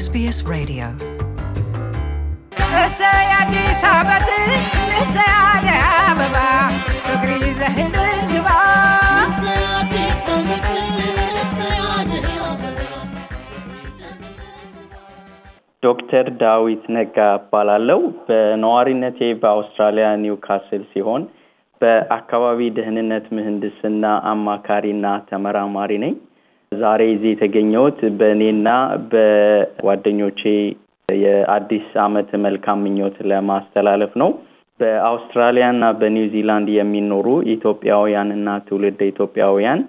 ኤስቢኤስ Radio. ዶክተር ዳዊት ነጋ እባላለሁ። በነዋሪነቴ በአውስትራሊያ ኒውካስል ሲሆን በአካባቢ ደህንነት ምህንድስና አማካሪና ተመራማሪ ነኝ። ዛሬ እዚህ የተገኘሁት በእኔና በጓደኞቼ የአዲስ ዓመት መልካም ምኞት ለማስተላለፍ ነው። በአውስትራሊያና በኒውዚላንድ የሚኖሩ ኢትዮጵያውያንና ትውልድ ኢትዮጵያውያን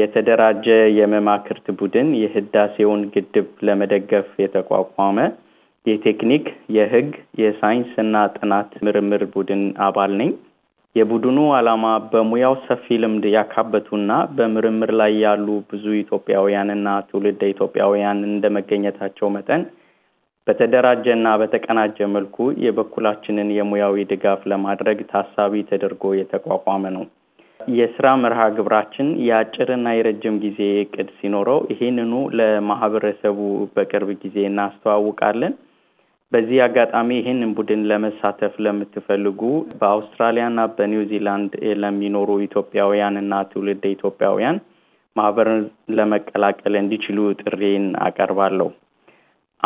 የተደራጀ የመማክርት ቡድን የህዳሴውን ግድብ ለመደገፍ የተቋቋመ የቴክኒክ፣ የህግ፣ የሳይንስ እና ጥናት ምርምር ቡድን አባል ነኝ። የቡድኑ ዓላማ በሙያው ሰፊ ልምድ ያካበቱና በምርምር ላይ ያሉ ብዙ ኢትዮጵያውያንና ትውልደ ኢትዮጵያውያን እንደመገኘታቸው መጠን በተደራጀና በተቀናጀ መልኩ የበኩላችንን የሙያዊ ድጋፍ ለማድረግ ታሳቢ ተደርጎ የተቋቋመ ነው። የስራ መርሃ ግብራችን የአጭርና የረጅም ጊዜ እቅድ ሲኖረው ይህንኑ ለማህበረሰቡ በቅርብ ጊዜ እናስተዋውቃለን። በዚህ አጋጣሚ ይህንን ቡድን ለመሳተፍ ለምትፈልጉ በአውስትራሊያና በኒውዚላንድ ለሚኖሩ ኢትዮጵያውያን እና ትውልድ ኢትዮጵያውያን ማህበርን ለመቀላቀል እንዲችሉ ጥሪን አቀርባለሁ።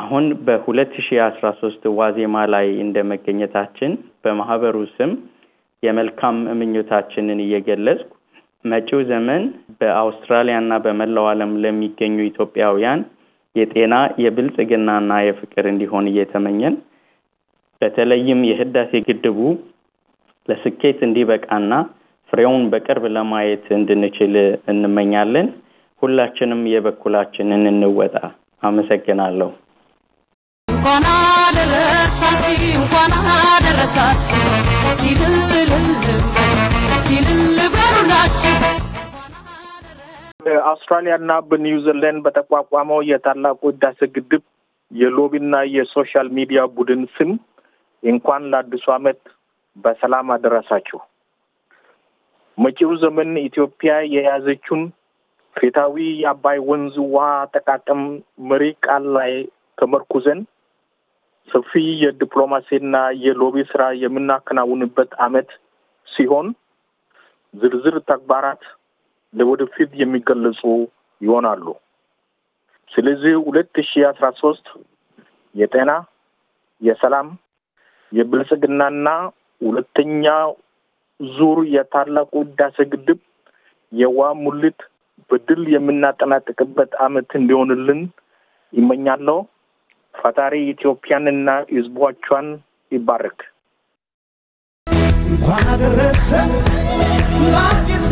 አሁን በሁለት ሺ አስራ ሶስት ዋዜማ ላይ እንደ መገኘታችን በማህበሩ ስም የመልካም ምኞታችንን እየገለጽኩ መጪው ዘመን በአውስትራሊያና በመላው ዓለም ለሚገኙ ኢትዮጵያውያን የጤና የብልጽግናና የፍቅር እንዲሆን እየተመኘን በተለይም የህዳሴ ግድቡ ለስኬት እንዲበቃና ፍሬውን በቅርብ ለማየት እንድንችል እንመኛለን። ሁላችንም የበኩላችንን እንወጣ። አመሰግናለሁ። እንኳን አደረሳችሁ እንኳን አደረሳችሁ። በአውስትራሊያና በኒውዚላንድ በተቋቋመው የታላቁ ህዳሴ ግድብ የሎቢና የሶሻል ሚዲያ ቡድን ስም እንኳን ለአዲሱ ዓመት በሰላም አደረሳችሁ። መጪው ዘመን ኢትዮጵያ የያዘችውን ፊታዊ የአባይ ወንዝ ውሃ አጠቃቀም መሪ ቃል ላይ ተመርኩዘን ሰፊ የዲፕሎማሲና የሎቢ ስራ የምናከናውንበት ዓመት ሲሆን ዝርዝር ተግባራት ለወደፊት የሚገለጹ ይሆናሉ። ስለዚህ ሁለት ሺ አስራ ሶስት የጤና የሰላም የብልጽግናና ሁለተኛ ዙር የታላቁ ህዳሴ ግድብ የውሃ ሙሊት በድል የምናጠናቅቅበት አመት እንዲሆንልን ይመኛለሁ። ፈጣሪ ኢትዮጵያንና ህዝቦቿን ይባርክ። እንኳን አደረሰን ለአዲስ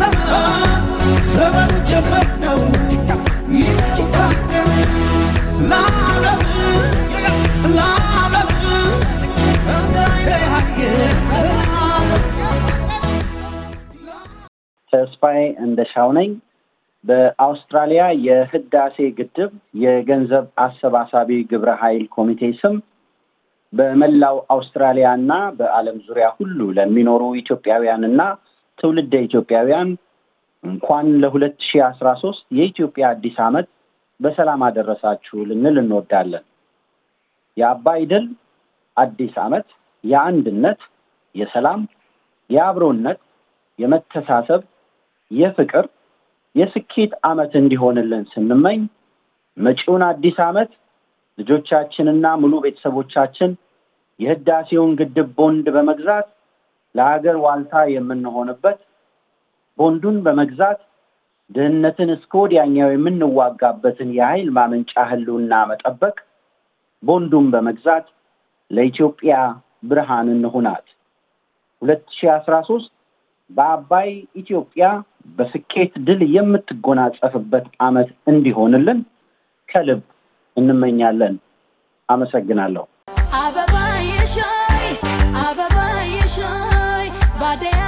ዘመኑ ጀመር ነው ተስፋዬ እንደሻው ነኝ። በአውስትራሊያ የህዳሴ ግድብ የገንዘብ አሰባሳቢ ግብረ ኃይል ኮሚቴ ስም በመላው አውስትራሊያ እና በዓለም ዙሪያ ሁሉ ለሚኖሩ ኢትዮጵያውያን እና ትውልደ ኢትዮጵያውያን እንኳን ለ2013 የኢትዮጵያ አዲስ ዓመት በሰላም አደረሳችሁ ልንል እንወዳለን። የአባይ ድል አዲስ ዓመት የአንድነት፣ የሰላም፣ የአብሮነት፣ የመተሳሰብ፣ የፍቅር፣ የስኬት ዓመት እንዲሆንልን ስንመኝ መጪውን አዲስ ዓመት ልጆቻችንና ሙሉ ቤተሰቦቻችን የህዳሴውን ግድብ ቦንድ በመግዛት ለሀገር ዋልታ የምንሆንበት ቦንዱን በመግዛት ድህነትን እስከ ወዲያኛው የምንዋጋበትን የኃይል ማመንጫ ህልውና መጠበቅ፣ ቦንዱን በመግዛት ለኢትዮጵያ ብርሃን እንሁናት። ሁለት ሺ አስራ ሶስት በአባይ ኢትዮጵያ በስኬት ድል የምትጎናጸፍበት አመት እንዲሆንልን ከልብ እንመኛለን። አመሰግናለሁ። አበባ የሻይ አበባ የሻይ ባደያ